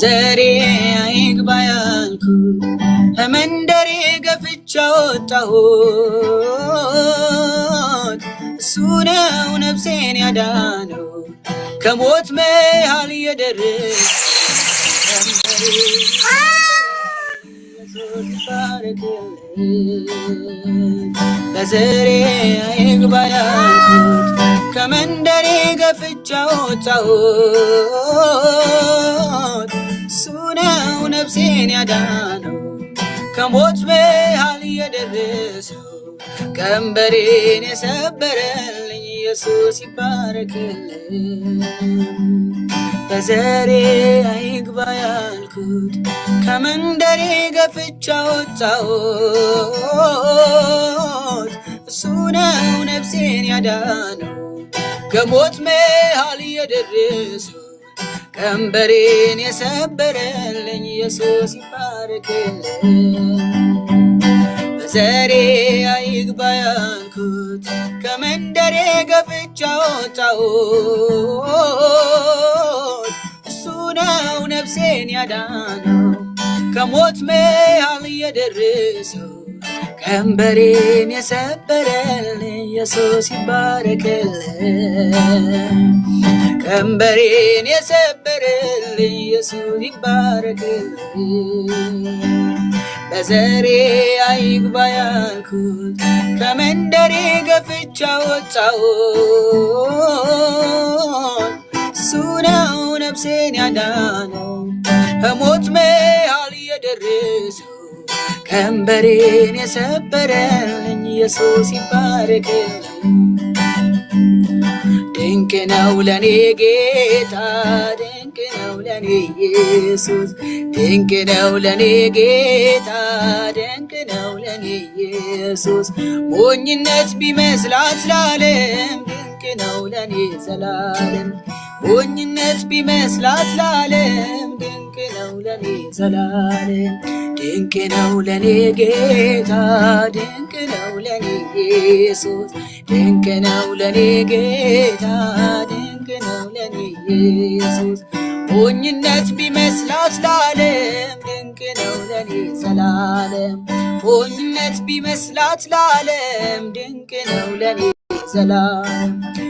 ዘሬ አይግባ ያልኩ ከመንደሬ ገፍቻ ወጣሁት እሱ ነው ነፍሴን ያዳነው ከሞት መሃል እየደረስ በዘሬ አይግባ ያልኩት ከመንደሬ ገፍቻ ወጣሁት ነፍሴን ያዳነው ከሞት መሃል የደረሰው ቀንበሬን የሰበረልኝ ኢየሱስ ይባረክልን። በዘሬ አይግባ ያልኩት ከመንደሬ ገፍቻ ወጣሁት እሱ ነው ነፍሴን ያዳነው ከሞት መሃል የደረሰው ቀንበሬን የሰበረልኝ ኢየሱስ ይባረክ። በዘሬ አይግባ ያልኩት ከመንደሬ ገፍቻ ወጣሁት እሱ ነው ነፍሴን ያዳነው ከሞት መሃል የደረሰው ቀንበሬን የሰበረልን ኢየሱስ ይባረክልን። ቀንበሬን የሰበረልን ኢየሱስ ይባረክልን። በዘሬ አይግባ ያልኩት ከመንደሬ ገፍቻ ወጣሁት እሱ ነው ነፍሴን ያዳነው ከሞት መሃል የደረሰው ከንበሬን የሰበረልኝ ኢየሱስ ይባረክ። ድንቅ ነው ለኔ ጌታ፣ ድንቅ ነው ለኔ ኢየሱስ፣ ድንቅ ነው ለኔ ጌታ፣ ድንቅ ነው ለኔ ኢየሱስ። ሞኝነት ቢመስላት ለዓለም ድንቅ ነው ለኔ ዘላለም፣ ሞኝነት ቢመስላት ላለም ድንቅ ነው ለኔ ዘላለም ሞኝነት ቢመስላት ላለም ድንቅ ነው ለኔ ዘላለም ድንቅ ነው ለኔ ጌታ ድንቅ ነው ለኔ ኢየሱስ ድንቅ ነው ለኔ ጌታ ድንቅ ነው ለኔ ኢየሱስ ሞኝነት ቢመስላት ላለም ድንቅ ነው ለኔ ዘላለም ሞኝነት ቢመስላት ላለም ድንቅ ነው ለኔ ዘላለም